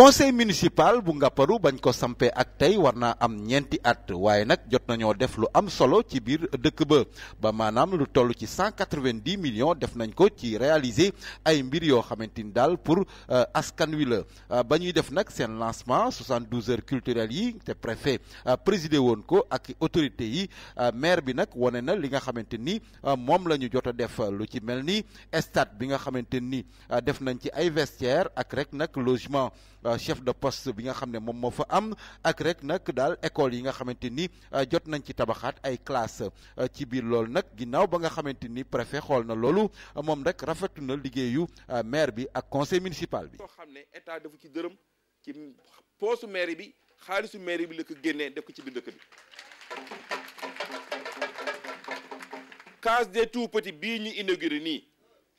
conseil municipal bu Ngaparou bañ ko sampé ak tay warna am ñenti at waye nak jot def lu am solo ci biir dëkk ba ba manam lu ci cent millions def nañ ko ci réaliser ay mbir yo xamantini pour euh, askan wi la euh, ba def lancement 72 heures culturelles yi te préfet euh, présidé won ko ak autorité yi maire bi nak woné na li nga xamantini ni moom la def lu ci melni bi nga def nañ ci ay ak rek logement Uh, chef de poste bi nga xam ne moom moo fa am ak rek nag daal école yi nga xamante ni uh, jot nañ ci tabaxaat ay classe uh, ci biir loolu nag ginnaaw ba nga xamante ni préfet xool na loolu moom rek rafetu na liggéeyu maire bi ak conseil municipal bi. soo xam ne état dafa ci dërëm ci poste maire bi xaalisu maire bi la ko génnee def ko ci biir dëkk bi. case des tout petits bii ñu inauguré nii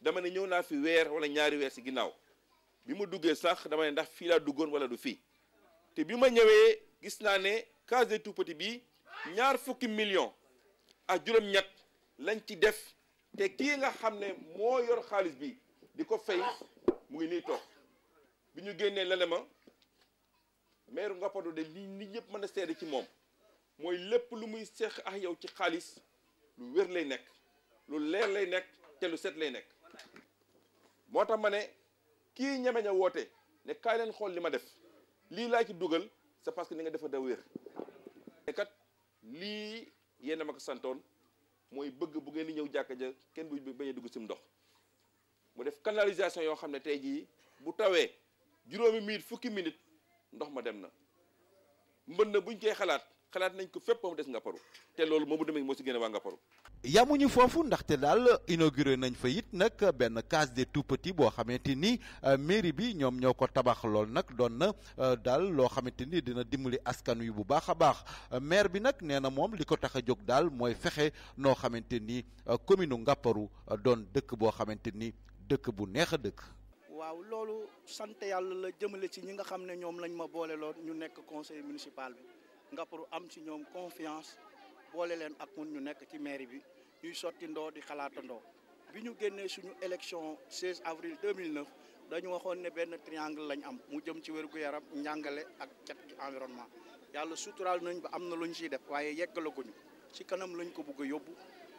dama ne ñëw naa fi weer wala ñaari weer si ginnaaw. bima duggé sax dama ne ndax fi la duggone wala du fi té bima ñëwé gis na né case des tout petit bi ñaar fukki million a juroom ñett lañ ci def té ki nga xamné mo yor xaaliss bi diko fay mu ngi ni tok biñu ñu génnee ma maire Ngapardu de li nit ñëpp mëna a ci mom moy lepp lu muy seex ak yow ci xaaliss lu wër lay nekk lu leer lay nekk té lu set lay nekk moo mané ki ñeme ña woote ne kaay leen xol li ma def li la ci duggal c'est parce que li nga defa da wër né kat li yéne a santone moy bëgg bu ngeen di ñëw jakk ja kenn bu bañu dugg ci ndox mu def canalisation yo xamné ne ji bu tawé juroomi minute fukki minute ndox ma dem na mbeun na buñ koy xalaat xalaat nañ ko fepp mo dess nga paru té loolu moo bu demee moo si gën a nga paru yamuñu foofu ndaxte daal inauguré nañ fa it nag benn case des tout petits boo xamante nii euh, mairie bi ñoom ñoo ko tabax lool nag doon na euh, daal loo xamante ni dina dimbali askan wi bu baax a baax maire bi nag nee na moom li ko tax a jóg daal mooy fexe noo xamante ni euh, commune Ngaparou doon dëkk boo xamante ni dëkk bu neex a dëkk. waaw loolu sant yàlla la jëmale ci ñi nga xam ne ñoom lañ ma boole lool ñu nekk conseil municipal bi Ngaparou am si ñoom confiance. boole leen ak ñun ñu nekk ci mairie bi ñuy sotti ndoo di xalaatandoo bi ñu génnee suñu élection 16 avril 2009 dañu waxoon ne benn triangle lañu am mu jëm ci wér-gu-yaram njàngale ak cet gi environnement yàlla suturaal nañ ba am na lu ñu ciy def waaye yeggalaguñu ci kanam lañ ko bugg a yóbbu